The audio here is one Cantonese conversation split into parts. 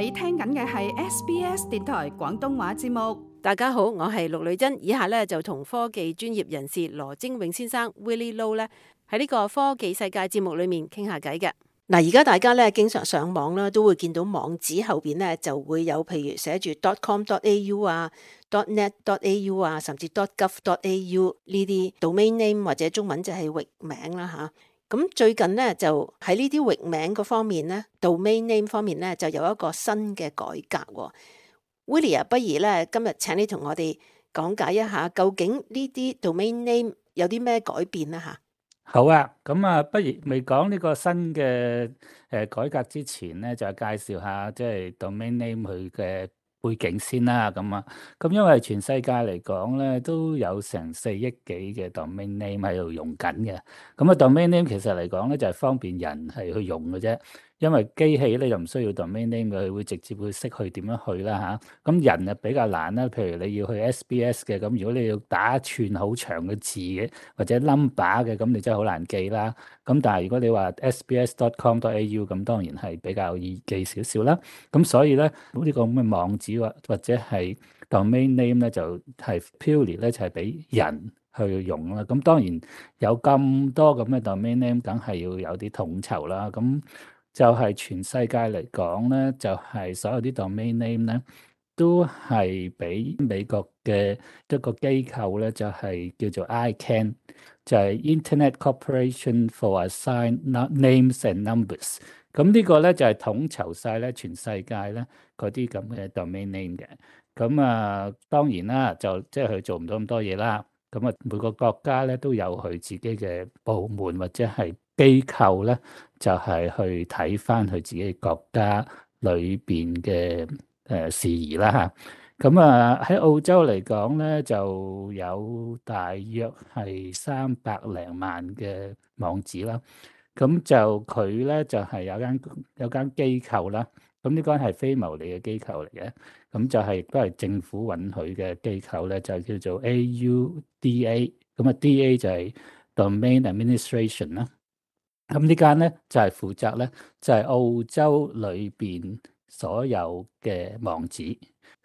你聽緊嘅係 SBS 電台廣東話節目。大家好，我係陸女真，以下咧就同科技專業人士羅徵永先生 Willie Lo 咧喺呢個科技世界節目裏面傾下偈嘅。嗱，而家大家咧經常上網啦，都會見到網址後邊咧就會有譬如寫住 .com.au 啊、.net.au 啊，au，甚至 .gov.au 呢啲 domain name 或者中文就係域名啦吓。啊咁最近咧就喺呢啲域名嗰方面咧，domain name 方面咧就有一個新嘅改革，哦。Willie，不如咧今日請你同我哋講解一下，究竟呢啲 domain name 有啲咩改變啦？吓，好啊。咁啊，不如未講呢個新嘅、誒、呃、改革之前咧，就係介紹下即係 domain name 佢嘅。背景先啦，咁啊，咁因為全世界嚟講咧，都有成四億幾嘅 domain name 喺度用緊嘅，咁啊 domain name 其實嚟講咧就係方便人係去用嘅啫。因為機器咧就唔需要 domain name，佢會直接會識去點樣去啦嚇。咁、啊、人啊比較難啦。譬如你要去 S B S 嘅，咁如果你要打一串好長嘅字嘅，或者 number 嘅，咁你真係好難記啦。咁但係如果你話 S B S dot com dot a u，咁當然係比較易記少少啦。咁所以咧，呢、個咁嘅網址或，或者係 domain name 咧，就係、是、purely 咧，就係俾人去用啦。咁當然有咁多咁嘅 domain name，梗係要有啲統籌啦。咁就係全世界嚟講咧，就係所有啲 domain name 咧，都係俾美國嘅一個機構咧，就係叫做 ICANN，就係 Internet Corporation for Assigned Names and Numbers。咁呢個咧就係統籌曬咧全世界咧嗰啲咁嘅 domain name 嘅。咁啊，當然啦，就即係佢做唔到咁多嘢啦。咁啊，每個國家咧都有佢自己嘅部門或者係。機構咧就係去睇翻佢自己國家裏邊嘅誒事宜啦嚇。咁啊喺澳洲嚟講咧就有大約係三百零萬嘅網址啦。咁就佢咧就係有間有間機構啦。咁呢間係非牟利嘅機構嚟嘅。咁就係都係政府允許嘅機構咧，就叫做 AUDA。咁啊，DA 就係 Domain Administration 啦。咁呢間咧就係負責咧，就係澳洲裏邊所有嘅網址。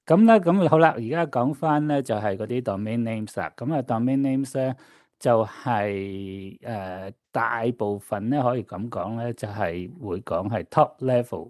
咁咧，咁好啦，而家講翻咧就係嗰啲 domain names 啦。咁啊，domain names 咧就係誒大部分咧可以咁講咧，就係會講係 top level。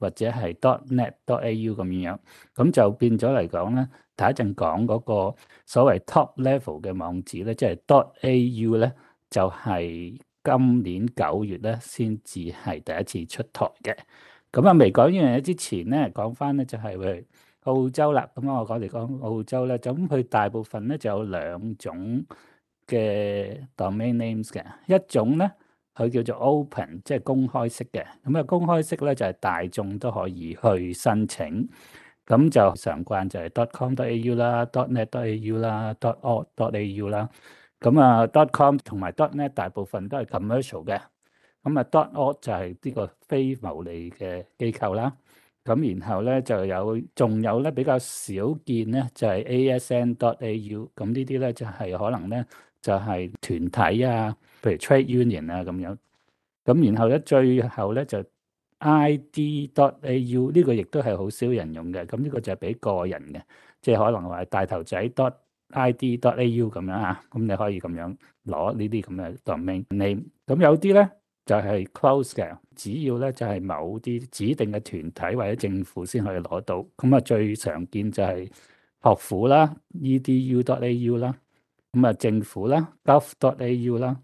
或者係 dot net dot au 咁樣樣，咁就變咗嚟講咧，第一陣講嗰個所謂 top level 嘅網址咧，即係 dot au 咧，就係今年九月咧先至係第一次出台嘅。咁啊，未講完嘢之前咧，講翻咧就係會澳洲啦。咁我講嚟講澳洲咧，就咁佢大部分咧就有兩種嘅 domain names 嘅，一種咧。佢叫做 open，即係公開式嘅。咁啊，公開式咧就係大眾都可以去申請。咁就常慣就係 dotcom dot au 啦，dotnet dot au 啦，dot org dot au 啦。咁啊，dotcom 同埋 dotnet 大部分都係 commercial 嘅。咁啊，dot org 就係呢個非牟利嘅機構啦。咁然後咧就有，仲有咧比較少見咧就係 ASN dot au。咁呢啲咧就係可能咧。就係團體啊，譬如 trade union 啊咁樣，咁然後咧，最後咧就 id.au，呢個亦都係好少人用嘅。咁呢個就係俾個人嘅，即係可能話大頭仔 dot id.au 咁樣啊，咁你可以咁樣攞呢啲咁嘅 domain name，咁有啲咧就係 closed 嘅，只要咧就係某啲指定嘅團體或者政府先可以攞到。咁啊，最常見就係學府啦，edu.au 啦。咁啊，政府啦 gov.au 啦，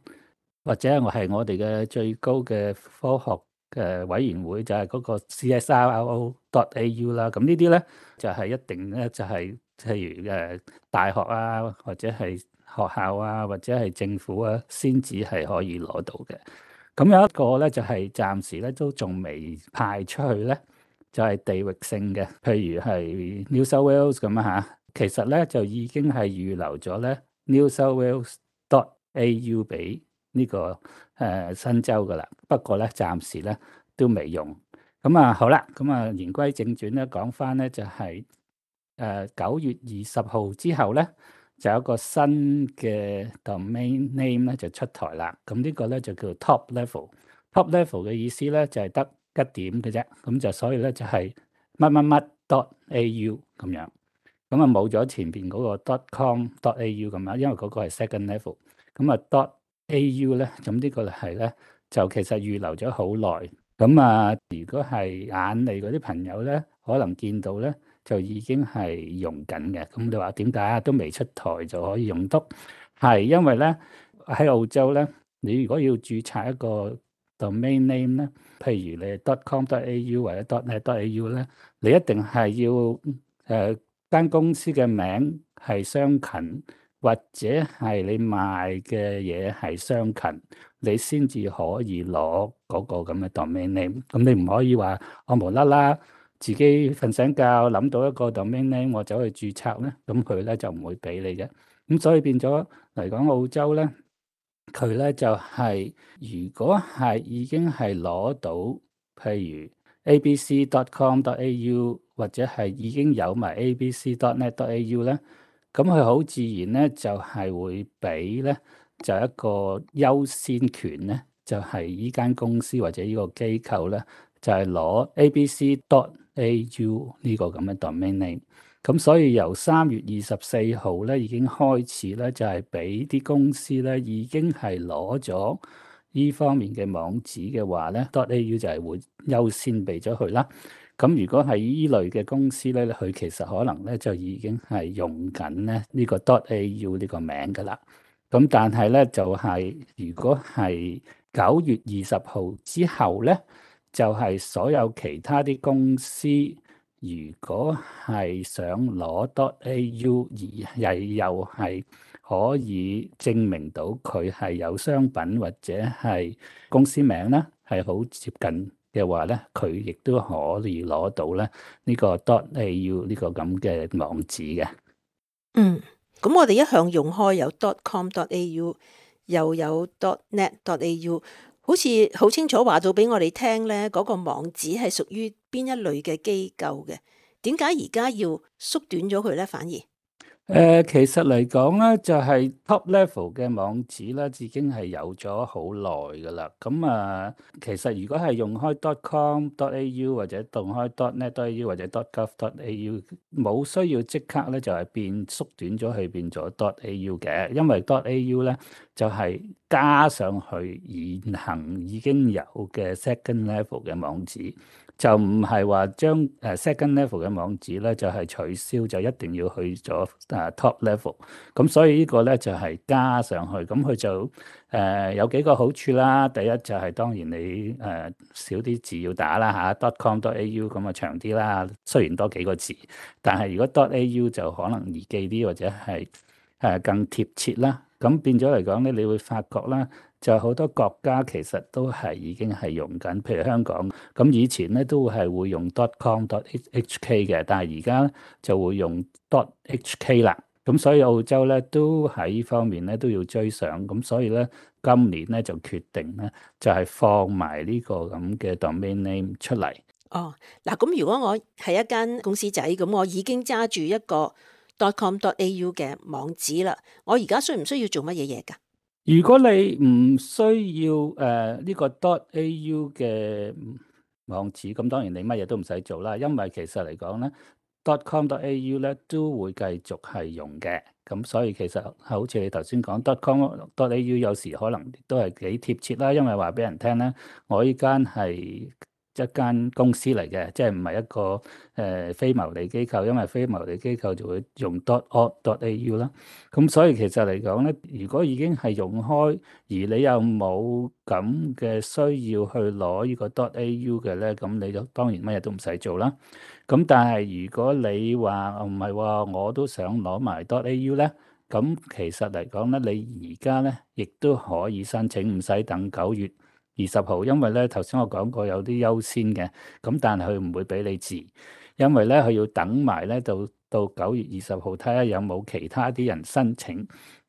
或者我係我哋嘅最高嘅科學嘅委員會，就係、是、嗰個 CSIRO.au 啦。咁呢啲咧就係、是、一定咧，就係、是、譬如誒大學啊，或者係學校啊，或者係政府啊，先至係可以攞到嘅。咁有一個咧就係、是、暫時咧都仲未派出去咧，就係、是、地域性嘅，譬如係 New South Wales 咁啊吓。其實咧就已經係預留咗咧。New South Wales dot au，俾呢個誒新州嘅啦，不過咧暫時咧都未用。咁啊好啦，咁啊言歸正傳咧，講返咧就係誒九月二十號之後咧，就有一個新嘅 domain name 咧就出台啦。咁呢個咧就叫做 top level。top level 嘅意思咧就係得一點嘅啫，咁就所以咧就係乜乜乜 dot au 咁樣。咁啊冇咗前邊嗰、那個 dot.com.dot.au 咁啊，au，因為嗰個係 second level。咁啊 dot.au 咧，咁呢個係咧，就其實預留咗好耐。咁啊，如果係眼嚟嗰啲朋友咧，可能見到咧，就已經係用緊嘅。咁你話點解都未出台就可以用得？係因為咧喺澳洲咧，你如果要註冊一個 domain name 咧，譬如你 dot.com.dot.au 或者 dot.net.dot.au 咧，au，你一定係要誒。呃間公司嘅名係相近，或者係你賣嘅嘢係相近，你先至可以攞嗰個咁嘅 domain name。咁你唔可以話我無啦啦自己瞓醒覺諗到一個 domain name，我走去註冊咧，咁佢咧就唔會畀你嘅。咁所以變咗嚟講，澳洲咧，佢咧就係如果係已經係攞到，譬如，A B C dot com dot A U 或者係已經有埋 A B C dot net dot A U 咧，咁佢好自然咧就係、是、會俾咧就係一個優先權咧，就係依間公司或者依個機構咧，就係、是、攞 A B C dot A U 呢個咁嘅 domain name。咁所以由三月二十四號咧已經開始咧，就係俾啲公司咧已經係攞咗。呢方面嘅網址嘅話咧，.au 就係會優先俾咗佢啦。咁如果係依類嘅公司咧，佢其實可能咧就已經係用緊咧呢個 .au 呢個名噶啦。咁但係咧就係、是、如果係九月二十號之後咧，就係、是、所有其他啲公司如果係想攞 .au 而亦又係。可以證明到佢係有商品或者係公司名啦，係好接近嘅話咧，佢亦都可以攞到咧呢個 dot a u 呢個咁嘅網址嘅。嗯，咁我哋一向用開有 dot com dot a u，又有 dot net dot a u，好似好清楚話到俾我哋聽咧，嗰個網址係屬於邊一類嘅機構嘅？點解而家要縮短咗佢咧？反而？誒、呃，其實嚟講咧，就係、是、top level 嘅網址咧，已經係有咗好耐噶啦。咁、嗯、啊，其實如果係用開 dot com dot au 或者動開 dot net dot au 或者 dot gov dot au，冇需要即刻咧就係變縮短咗去變咗 dot au 嘅，因為 dot au 咧就係、是、加上去現行已經有嘅 second level 嘅網址。就唔係話將誒 second level 嘅網址咧，就係取消，就一定要去咗誒 top level。咁所以呢個咧就係加上去，咁佢就誒有幾個好處啦。第一就係當然你誒少啲字要打啦嚇，dot com dot au 咁啊長啲啦。雖然多幾個字，但係如果 dot au 就可能易記啲或者係誒更貼切啦。咁變咗嚟講咧，你會發覺啦。就好多國家其實都係已經係用緊，譬如香港。咁以前咧都係會用 dot com dot h k 嘅，但係而家就會用 dot h k 啦。咁所以澳洲咧都喺呢方面咧都要追上。咁所以咧今年咧就決定咧就係放埋呢個咁嘅 domain name 出嚟。哦，嗱，咁如果我係一間公司仔，咁我已經揸住一個 dot com dot a u 嘅網址啦，我而家需唔需要做乜嘢嘢㗎？如果你唔需要誒呢個 .au 嘅網址，咁當然你乜嘢都唔使做啦。因為其實嚟講咧，.com.au 咧都會繼續係用嘅。咁所以其實係好似你頭先講，.com.au 有時可能都係幾貼切啦。因為話俾人聽咧，我呢間係，一間公司嚟嘅，即係唔係一個誒非牟利機構，因為非牟利機構就會用 dot org dot au 啦。咁所以其實嚟講咧，如果已經係用開，而你又冇咁嘅需要去攞呢個 dot au 嘅咧，咁你就當然乜嘢都唔使做啦。咁但係如果你話唔係喎，我都想攞埋 dot au 咧，咁其實嚟講咧，你而家咧亦都可以申請，唔使等九月。二十號，因為咧頭先我講過有啲優先嘅，咁但係佢唔會俾你住，因為咧佢要等埋咧到到九月二十號，睇下有冇其他啲人申請。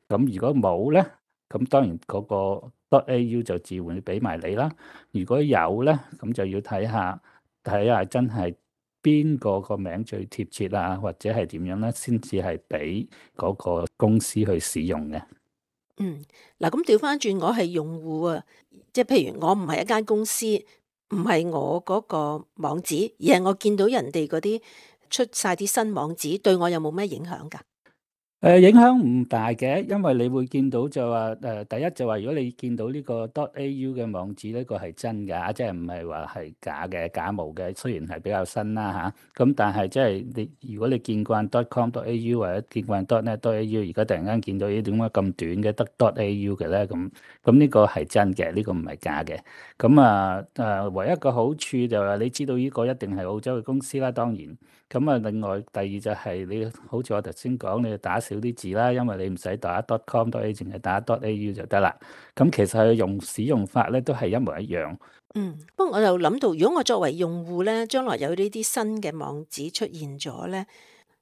咁如果冇咧，咁當然嗰、那個 dot AU 就自會俾埋你啦。如果有咧，咁就要睇下睇下真係邊個個名最貼切啊，或者係點樣咧，先至係俾嗰個公司去使用嘅。嗯，嗱，咁調翻轉，我係用戶啊，即係譬如我唔係一間公司，唔係我嗰個網址，而係我見到人哋嗰啲出晒啲新網址，對我有冇咩影響噶？誒，影響唔大嘅，因為你會見到就話誒，第一就話如果你見到呢個 dot.au 嘅網址，呢個係真噶，即係唔係話係假嘅、假冒嘅。雖然係比較新啦吓，咁但係即係你如果你見慣 dot.com、dot.au 或者見慣 dot.net、dot.au，而家突然間見到呢，點解咁短嘅得 dot.au 嘅咧？咁咁呢個係真嘅，呢個唔係假嘅。咁啊誒，唯一個好處就係你知道呢個一定係澳洲嘅公司啦，當然。咁啊，另外第二就係你好似我頭先講，你打。少啲字啦，因為你唔使打 dot.com.dot.au，淨係打 dot.au 就得啦。咁其實佢用使用法咧，都係一模一樣。嗯，不過我又諗到，如果我作為用戶咧，將來有呢啲新嘅網址出現咗咧，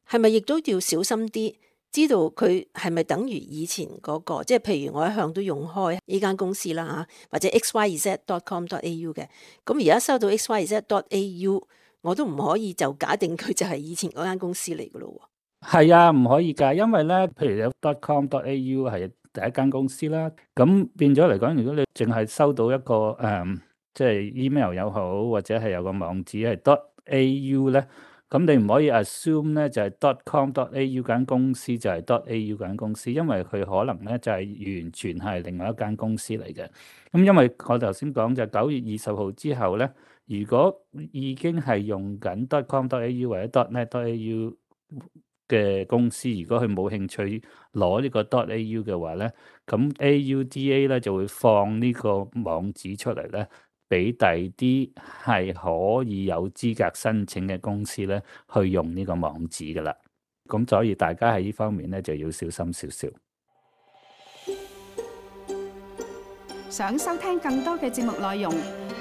係咪亦都要小心啲，知道佢係咪等於以前嗰個？即係譬如我一向都用開呢間公司啦嚇、啊，或者 x y z dot.com.dot.au 嘅。咁而家收到 x y z dot.au，我都唔可以就假定佢就係以前嗰間公司嚟㗎咯。係啊，唔可以噶，因為咧，譬如有 dot.com、dot.au 係第一間公司啦。咁變咗嚟講，如果你淨係收到一個誒，即係 email 又好，或者係有個網址係 dot.au 咧，咁你唔可以 assume 咧，就係 dot.com、dot.au 間公司就係 dot.au 間公司，因為佢可能咧就係完全係另外一間公司嚟嘅。咁因為我頭先講就九月二十號之後咧，如果已經係用緊 dot.com、dot.au 或者 dot.net、dot.au。嘅公司如果佢冇興趣攞呢個 dot A U 嘅話呢，咁 A U D A 咧就會放呢個網址出嚟呢，俾第啲係可以有資格申請嘅公司呢去用呢個網址噶啦。咁所以大家喺呢方面呢，就要小心少少。想收聽更多嘅節目內容。